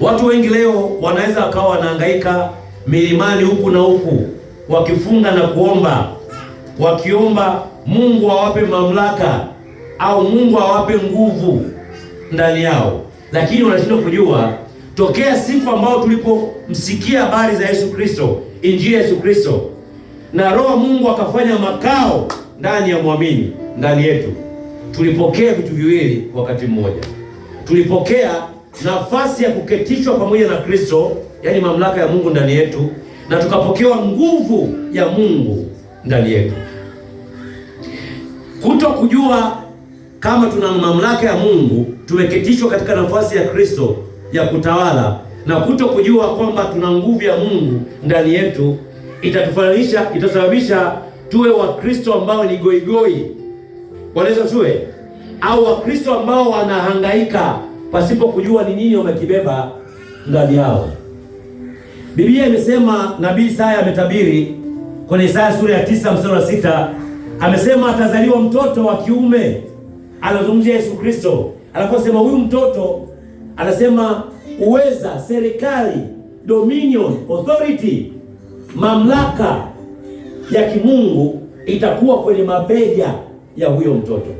Watu wengi leo wanaweza wakawa wanahangaika milimani huku na huku, wakifunga na kuomba, wakiomba Mungu awape mamlaka au Mungu awape nguvu ndani yao, lakini wanashindwa kujua tokea siku ambayo tulipomsikia habari za Yesu Kristo, injili ya Yesu Kristo, na Roho Mungu akafanya makao ndani ya mwamini, ndani yetu tulipokea vitu viwili wakati mmoja, tulipokea nafasi ya kuketishwa pamoja na Kristo, yaani mamlaka ya Mungu ndani yetu, na tukapokewa nguvu ya Mungu ndani yetu. Kuto kujua kama tuna mamlaka ya Mungu, tumeketishwa katika nafasi ya Kristo ya kutawala, na kuto kujua kwamba tuna nguvu ya Mungu ndani yetu itatufanisha, itasababisha tuwe Wakristo ambao ni goigoi, wanaweza tuwe au Wakristo ambao wanahangaika pasipo kujua ni nini wamekibeba ndani yao. Biblia imesema, nabii Isaya ametabiri kwenye Isaya sura ya tisa mstari wa sita amesema atazaliwa mtoto wa kiume, anazungumzia Yesu Kristo. Anaposema huyu mtoto anasema uweza, serikali, dominion, authority, mamlaka ya kimungu itakuwa kwenye mabega ya huyo mtoto.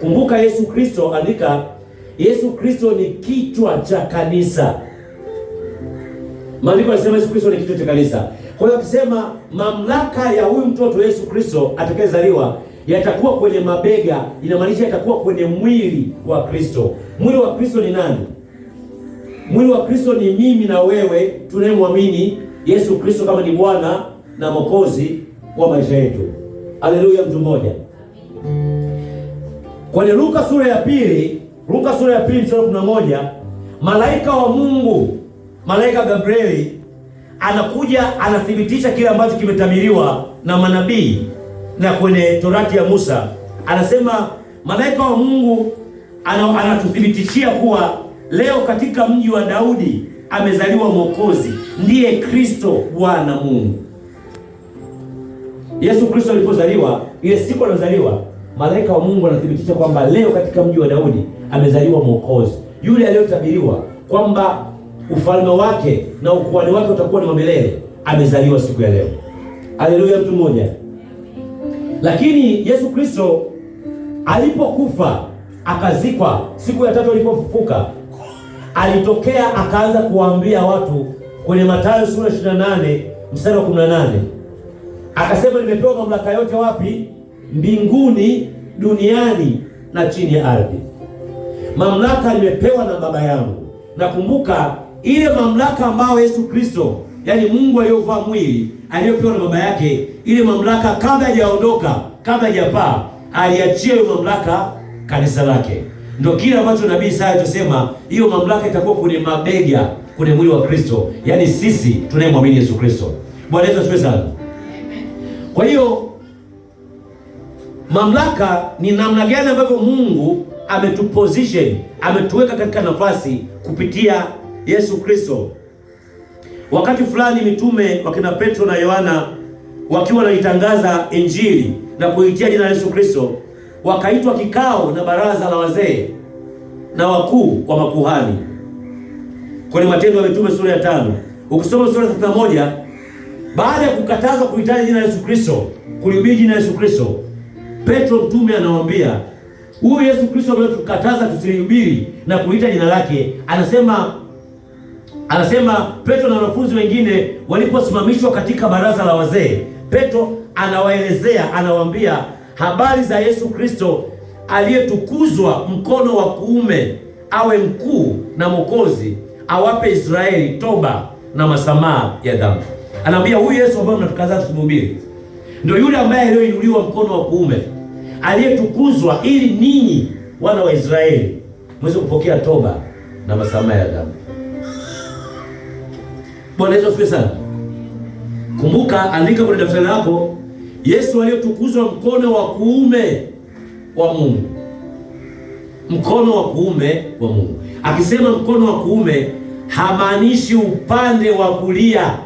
Kumbuka Yesu Kristo andika Yesu Kristo ni kichwa cha kanisa. Maandiko yanasema Yesu Kristo ni kichwa cha kanisa. Kwa hiyo akisema mamlaka ya huyu mtoto Yesu Kristo atakayezaliwa yatakuwa kwenye mabega, inamaanisha yatakuwa kwenye mwili wa Kristo. Mwili wa Kristo ni nani? Mwili wa Kristo ni mimi na wewe tunayemwamini Yesu Kristo kama ni Bwana na Mwokozi wa maisha yetu. Haleluya, mtu mmoja. Kwenye Luka sura ya pili Luka sura ya pili mstari wa kumi na moja malaika wa Mungu, malaika Gabrieli anakuja anathibitisha kile ambacho kimetabiriwa na manabii na kwenye torati ya Musa. Anasema malaika wa Mungu anatuthibitishia kuwa leo katika mji wa Daudi amezaliwa Mwokozi, ndiye Kristo Bwana Mungu. Yesu Kristo alipozaliwa, ile siku aliyozaliwa malaika wa Mungu anathibitisha kwamba leo katika mji wa Daudi amezaliwa Mwokozi, yule aliyotabiriwa kwamba ufalme wake na ukuhani wake utakuwa ni milele, amezaliwa siku ya leo. Haleluya, mtu mmoja. Lakini Yesu Kristo alipokufa akazikwa, siku ya tatu alipofufuka alitokea akaanza kuwaambia watu kwenye Mathayo sura 28 mstari wa 18, akasema nimepewa mamlaka yote wapi mbinguni, duniani na chini ya ardhi. Mamlaka nimepewa na Baba yangu. Nakumbuka ile mamlaka ambayo Yesu Kristo, yaani Mungu aliyovaa mwili, aliyopewa na Baba yake, ile mamlaka kabla hajaondoka, kabla hajapaa, aliachia hiyo mamlaka kanisa lake. Ndio kile ambacho nabii Isaya anasema, hiyo mamlaka itakuwa kwenye mabega, kwenye mwili wa Kristo, yaani sisi tunayemwamini Yesu Kristo. Bwana Yesu asifiwe sana. Kwa hiyo Mamlaka ni namna gani ambavyo Mungu ametuposition, ametuweka katika nafasi kupitia Yesu Kristo. Wakati fulani mitume wakina Petro na Yohana wakiwa wanaitangaza Injili na kuitia jina la Yesu Kristo, wakaitwa kikao na baraza la wazee na wakuu wa makuhani kwenye Matendo ya Mitume sura ya tano ukisoma sura ya moja baada ya kukatazwa kuitaja jina la Yesu Kristo, kulihubiri jina la Yesu Kristo Petro mtume anawaambia huyu Yesu Kristo ambaye tukataza tusilihubiri na kuita jina lake, anasema anasema Petro na wanafunzi wengine waliposimamishwa katika baraza la wazee, Petro anawaelezea anawaambia habari za Yesu Kristo aliyetukuzwa mkono wa kuume awe mkuu na mwokozi, awape Israeli toba na masamaha ya dhambi. Anaambia huyu Yesu ambaye mnatukataza tusimhubiri ndio yule ambaye aliyoinuliwa mkono wa kuume aliyetukuzwa, ili ninyi wana wa Israeli mweze kupokea toba na msamaha ya dhambi. Bwana Yesu asifiwe sana. Kumbuka, andika kwenye daftari lako, Yesu aliyetukuzwa mkono wa kuume wa Mungu, mkono wa kuume wa Mungu. Akisema mkono wa kuume, hamaanishi upande wa kulia.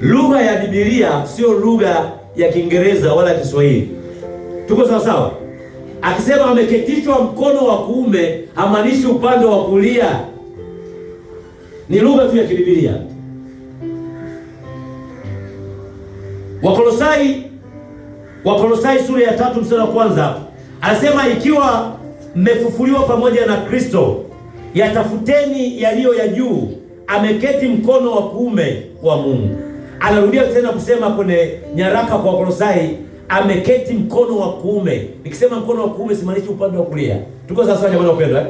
Lugha ya Biblia sio lugha ya Kiingereza wala Kiswahili. Tuko sawa sawa? Akisema ameketishwa mkono wa kuume, hamaanishi upande wa kulia. Ni lugha tu ya kibibilia. Wakolosai, Wakolosai sura ya tatu mstari wa kwanza anasema ikiwa mmefufuliwa pamoja na Kristo, yatafuteni yaliyo ya juu, ameketi mkono wa kuume wa Mungu. Anarudia tena kusema kwenye nyaraka kwa Wakolosai ameketi mkono wa kuume. Nikisema mkono wa kuume simaanishi upande wa kulia. Tuko sasa sawa, jamani wapendwa eh?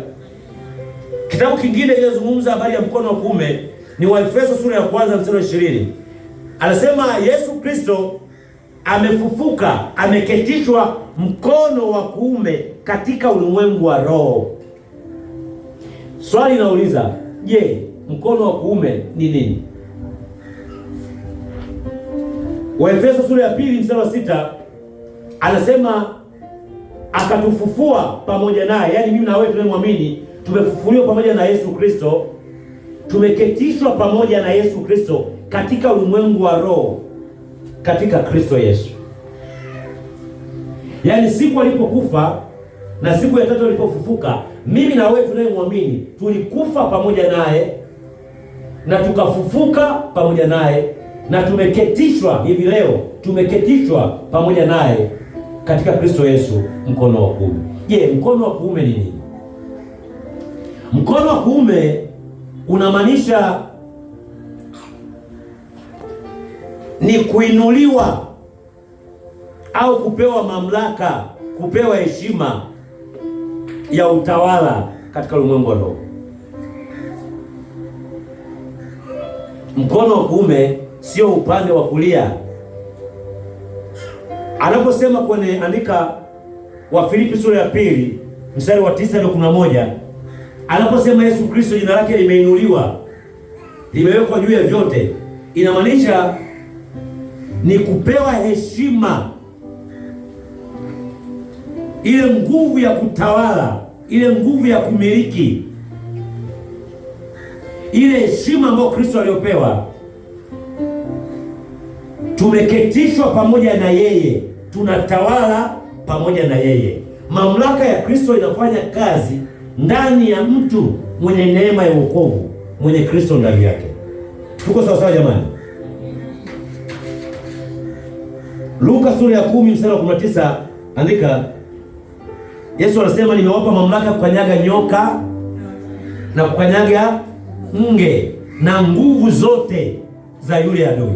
Kitabu kingine kinazungumza habari ya mkono wa kuume ni Waefeso sura ya kwanza mstari wa ishirini. Anasema Yesu Kristo amefufuka, ameketishwa mkono wa kuume katika ulimwengu wa roho. Swali nauliza, je, mkono wa kuume ni nini? Waefeso sura ya pili mstari wa sita anasema akatufufua pamoja naye, yaani mimi na wewe tunayemwamini tumefufuliwa pamoja na Yesu Kristo, tumeketishwa pamoja na Yesu Kristo katika ulimwengu wa roho katika Kristo Yesu. Yaani siku alipokufa na siku ya tatu alipofufuka, mimi na wewe tunayemwamini tulikufa pamoja naye na tukafufuka pamoja naye na tumeketishwa hivi leo, tumeketishwa pamoja naye katika Kristo Yesu mkono wa kuume. Je, mkono wa kuume ni nini? Mkono wa kuume unamaanisha ni kuinuliwa au kupewa mamlaka, kupewa heshima ya utawala katika ulimwengu wa roho. Mkono wa kuume sio upande wa kulia anaposema kwenye andika wa Filipi sura ya pili mstari wa tisa na kumi na moja anaposema Yesu Kristo jina lake limeinuliwa limewekwa juu ya vyote, inamaanisha ni kupewa heshima, ile nguvu ya kutawala, ile nguvu ya kumiliki, ile heshima ambayo Kristo aliyopewa tumeketishwa pamoja na yeye, tunatawala pamoja na yeye. Mamlaka ya Kristo inafanya kazi ndani ya mtu mwenye neema ya wokovu, mwenye Kristo ndani yake. Tuko sawa sawa jamani? Luka sura ya kumi mstari wa kumi na tisa andika. Yesu anasema nimewapa mamlaka kukanyaga nyoka na kukanyaga nge na nguvu zote za yule adui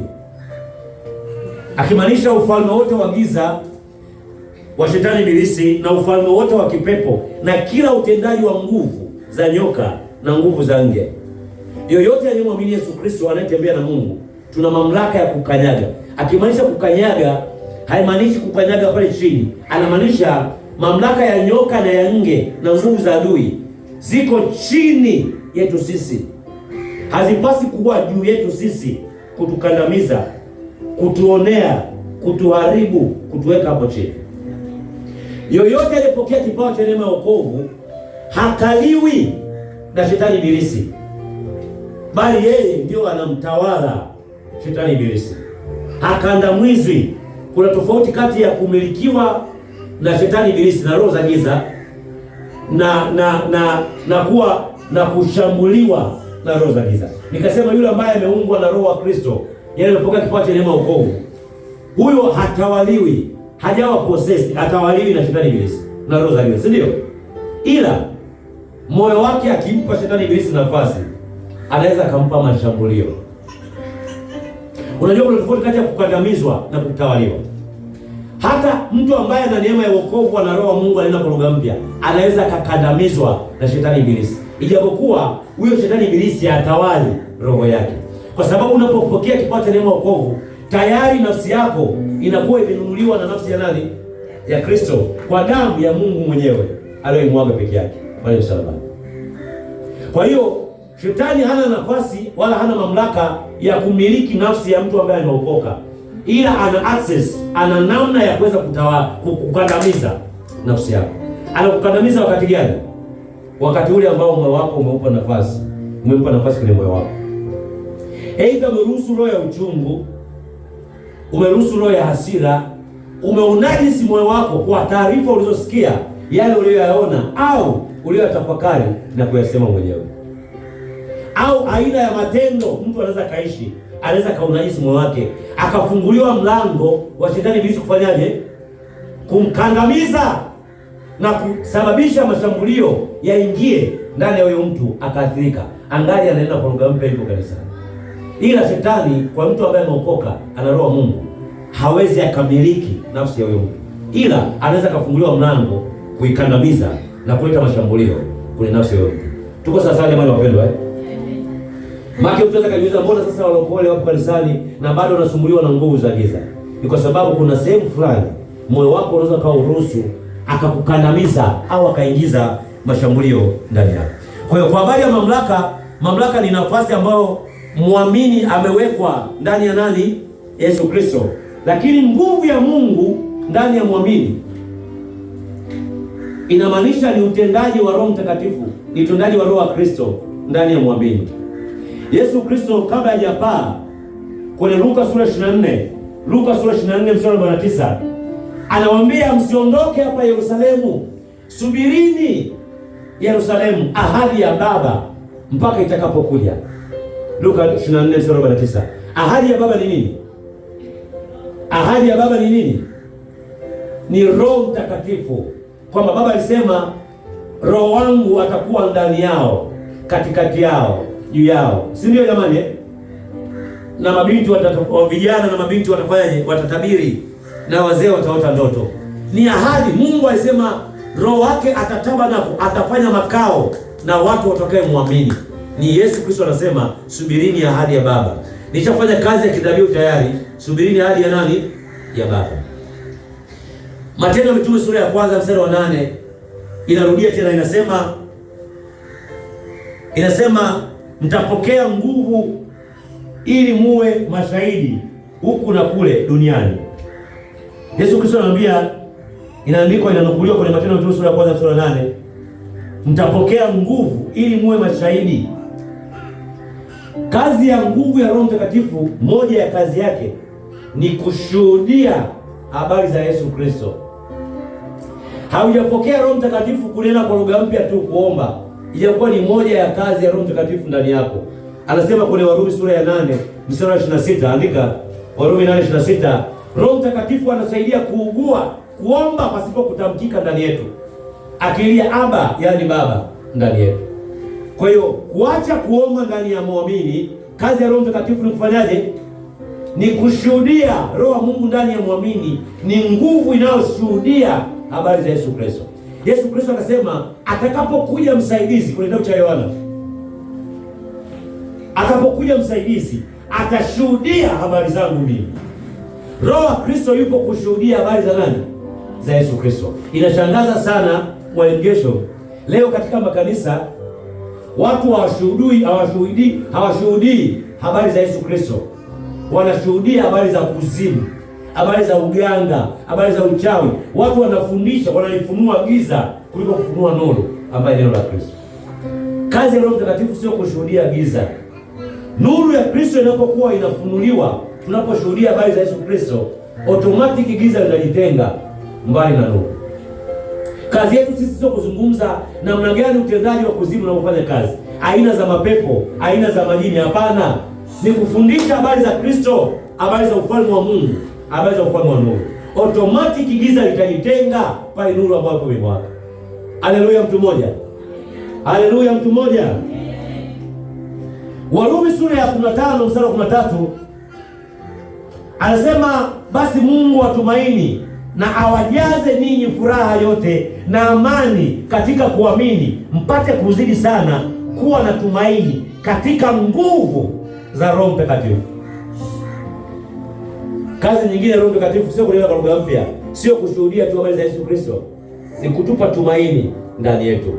akimaanisha ufalme wote wa giza wa shetani bilisi na ufalme wote wa kipepo na kila utendaji wa nguvu za nyoka na nguvu za nge. Yoyote aliyemwamini Yesu Kristo anayetembea na Mungu tuna mamlaka ya kukanyaga. Akimaanisha kukanyaga, haimaanishi kukanyaga pale chini, anamaanisha mamlaka ya nyoka na ya nge na nguvu za adui ziko chini yetu sisi, hazipasi kuwa juu yetu sisi kutukandamiza kutuonea, kutuharibu, kutuweka hapo chini. Yoyote aliyepokea kipawa cha neema ya wokovu hakaliwi na shetani ibilisi, bali yeye ndio anamtawala shetani ibilisi, mwizi Kuna tofauti kati ya kumilikiwa na shetani ibilisi na roho za giza na na na na kuwa na kushambuliwa na roho za giza. Nikasema yule ambaye ameungwa na roho wa Kristo yeye yaani alipokea kipawa cha neema wokovu, huyo hatawaliwi, hajawa possessed, hatawaliwi na shetani ibilisi na roho za giza, si ndio? Ila moyo wake akimpa shetani ibilisi nafasi, anaweza akampa mashambulio. Unajua kuna tofauti kati ya kukandamizwa na kutawaliwa. Hata mtu ambaye ana neema ya wokovu, na roho ya Mungu, anaenda kwa lugha mpya, anaweza akakandamizwa na shetani ibilisi, ijapokuwa huyo shetani ibilisi hatawali roho yake kwa sababu unapopokea kipawa cha neema ya wokovu tayari nafsi yako inakuwa imenunuliwa na nafsi ya nani? Ya Kristo, kwa damu ya Mungu mwenyewe aliyoimwaga peke yake pale msalabani. Kwa hiyo shetani hana nafasi wala hana mamlaka ya kumiliki nafsi ya mtu ambaye ameokoka, ila ana access, ana namna ya kuweza kukandamiza nafsi yako. Anakukandamiza wakati gani? Wakati ule ambao moyo wako umeupa nafasi, umempa nafasi kwenye moyo wako Aidha umeruhusu roho ya uchungu, umeruhusu roho ya hasira, umeunajisi moyo wako kwa taarifa ulizosikia, yale uliyoyaona au uliyoyatafakari na kuyasema mwenyewe, au aina ya matendo mtu anaweza akaishi, anaweza akaunajisi moyo wake, akafunguliwa mlango wa shetani ibilisi kufanyaje? Kumkandamiza na kusababisha mashambulio yaingie ndani ya huyo mtu, akaathirika, angali anaenda kwa lugha mpya, hivyo kanisani ila shetani kwa mtu ambaye ameokoka ana roho Mungu hawezi akamiliki nafsi ya huyo mtu, ila anaweza akafunguliwa mlango kuikandamiza na kuleta mashambulio kwenye nafsi ya huyo mtu. Tuko sawasawa jamani wapendwa eh? Maki mtu akajiuliza mbona sasa walokole wapo kanisani na bado wanasumbuliwa na nguvu za giza? Ni kwa sababu kuna sehemu fulani moyo wako unaweza kuwa uruhusu akakukandamiza au akaingiza mashambulio ndani yako. Kwa hiyo kwa habari ya mamlaka, mamlaka ni nafasi ambayo Mwamini amewekwa ndani ya nani? Yesu Kristo. Lakini nguvu ya Mungu ndani ya mwamini inamaanisha ni utendaji wa Roho Mtakatifu, ni utendaji wa Roho wa Kristo ndani ya mwamini. Yesu Kristo kabla hajapaa kwenye Luka sura 24, Luka sura 24 mstari wa 9 anawaambia msiondoke hapa Yerusalemu, subirini Yerusalemu ahadi ya Baba mpaka itakapokuja. Luka 24:49. Ahadi ya baba ni nini? Ahadi ya baba ni nini? Ni Roho Mtakatifu, kwamba baba alisema Roho wangu atakuwa ndani yao, katikati yao, juu yao, si ndio jamani? Eh? Na mabinti watatoa vijana, na mabinti watafanyaje? watatabiri, na wazee wataota ndoto. Ni ahadi. Mungu alisema Roho wake nako, atafanya makao na watu watakaye muamini. Ni Yesu Kristo anasema, subirini ahadi ya Baba. Nishafanya kazi ya kidhabihu tayari, subirini ahadi ya nani? Ya Baba. Matendo ya Mitume sura ya kwanza mstari wa nane inarudia tena, inasema inasema mtapokea nguvu ili muwe mashahidi huku na kule duniani. Yesu Kristo anaambia, inaandikwa, inanukuliwa kwenye Matendo ya Mitume sura ya kwanza mstari wa nane mtapokea nguvu ili muwe mashahidi Kazi ya nguvu ya Roho Mtakatifu, moja ya kazi yake ni kushuhudia habari za Yesu Kristo. Haujapokea Roho Mtakatifu kunena kwa lugha mpya tu kuomba, ijakuwa ni moja ya kazi ya Roho Mtakatifu ndani yako. Anasema kwenye Warumi sura ya 8 mstari wa 26, andika Warumi 8:26, Roho Mtakatifu anasaidia kuugua, kuomba pasipo kutamkika ndani yetu, akilia Aba, yani Baba ndani yetu. Kwa hiyo kuacha kuomba ndani ya muamini, kazi ya Roho Mtakatifu ni kufanyaje? Ni kushuhudia. Roho wa Mungu ndani ya muamini ni nguvu inayoshuhudia habari za Yesu Kristo. Yesu Kristo akasema atakapokuja msaidizi, kule kitabu cha Yohana, atakapokuja msaidizi atashuhudia habari zangu mimi. Roho wa Kristo yupo kushuhudia habari za nani? Za Yesu Kristo. Inashangaza sana, mwalimu leo katika makanisa Watu hawashuhudii hawashuhudii hawashuhudii habari za Yesu Kristo, wanashuhudia habari za kuzimu, habari za uganga, habari za uchawi. Watu wanafundisha wanalifunua giza kuliko kufunua nuru ambayo neno la Kristo. Kazi ya Roho Mtakatifu sio kushuhudia giza. Nuru ya Kristo inapokuwa inafunuliwa, tunaposhuhudia habari za Yesu Kristo, automatic giza linajitenga mbali na nuru. Kazi yetu sisi sio kuzungumza namna gani utendaji wa kuzimu unaofanya kazi, aina za mapepo, aina za majini. Hapana, ni kufundisha habari za Kristo, habari za ufalme wa Mungu, habari za ufalme wa nuru. Automatic giza litajitenga pale nuru ambayo imewaka. Haleluya, mtu mmoja. Haleluya, mtu mmoja. Warumi sura ya 15 mstari wa 13 anasema basi Mungu wa tumaini na awajaze ninyi furaha yote na amani katika kuamini, mpate kuzidi sana kuwa na tumaini katika nguvu za Roho Mtakatifu. Kazi nyingine ya Roho Mtakatifu sio kunena kwa lugha mpya, sio kushuhudia tu habari za Yesu Kristo, ni kutupa tumaini ndani yetu,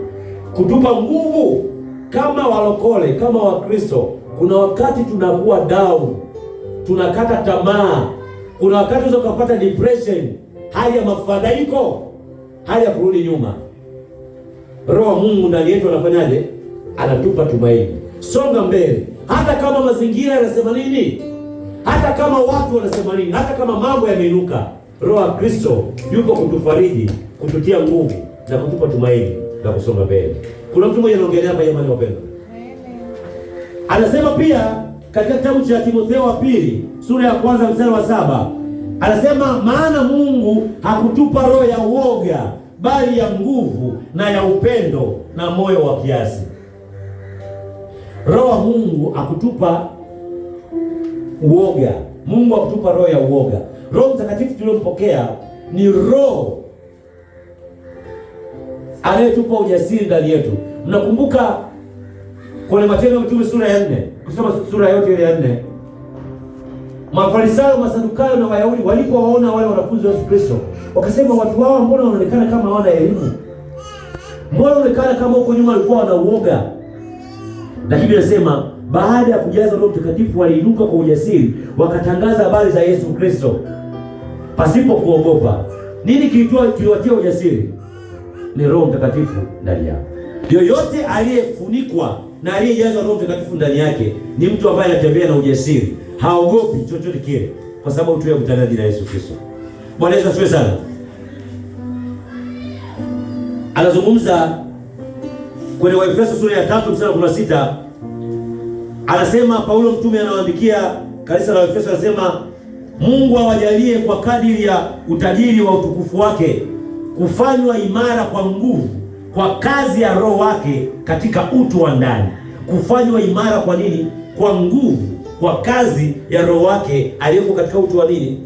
kutupa nguvu kama walokole, kama Wakristo. Kuna wakati tunakuwa down, tunakata tamaa, kuna wakati unaweza kupata depression hali ya mafadhaiko, hali ya kurudi nyuma. Roho Mungu ndani yetu anafanyaje? Anatupa tumaini, songa mbele, hata kama mazingira yanasema nini, hata kama watu wanasema nini, hata kama mambo yameinuka. Roho ya Kristo yuko kutufariji, kututia nguvu na kutupa tumaini na kusonga mbele. Kuna mtu mmoja anaongelea hapa jamani, wapendwa, anasema pia katika kitabu cha Timotheo wa pili sura ya kwanza mstari wa saba Anasema maana Mungu hakutupa roho ya uoga, bali ya nguvu na ya upendo na moyo wa kiasi. Roho Mungu akutupa uoga, Mungu akutupa roho ya uoga. Roho Mtakatifu tuliyompokea ni roho anayetupa ujasiri ndani yetu. Mnakumbuka kwenye Matendo ya Mitume sura ya nne, kusoma sura yote ile ya nne Mafarisayo, Masadukayo na Wayahudi walipowaona wale wanafunzi wa Yesu Kristo wakasema, watu hawa mbona wanaonekana kama hawana elimu? Mbona wanaonekana kama huko nyuma walikuwa uoga? Lakini anasema baada ya kujaza Roho Mtakatifu waliinuka kwa ujasiri, wakatangaza habari za Yesu Kristo pasipo kuogopa. Nini kiliwatia ujasiri? Ni Roho Mtakatifu ndani yao. Yoyote aliyefunikwa na aliyejazwa Roho Mtakatifu ndani yake ni mtu ambaye anatembea na ujasiri haogopi chochote kile, kwa sababu tu yakutana jina Yesu Kristo. Bwana Yesu asifiwe sana. Anazungumza kwenye Waefeso sura ya tatu mstari wa kumi na sita anasema Paulo mtume anawaandikia kanisa la Waefeso, anasema Mungu awajalie kwa kadiri ya utajiri wa utukufu wake kufanywa imara kwa nguvu kwa kazi ya Roho wake katika utu wa ndani. Kufanywa imara kwa nini? Kwa nguvu kwa kazi ya Roho wake aliyoko katika utu wa nini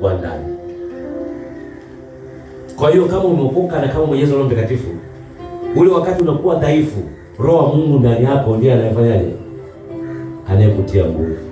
wa ndani. Kwa hiyo kama umeokoka na kama mwenyezi Roho Mtakatifu, ule wakati unakuwa dhaifu, Roho wa Mungu ndani yako ndiye anayefanyaje? Anayekutia nguvu.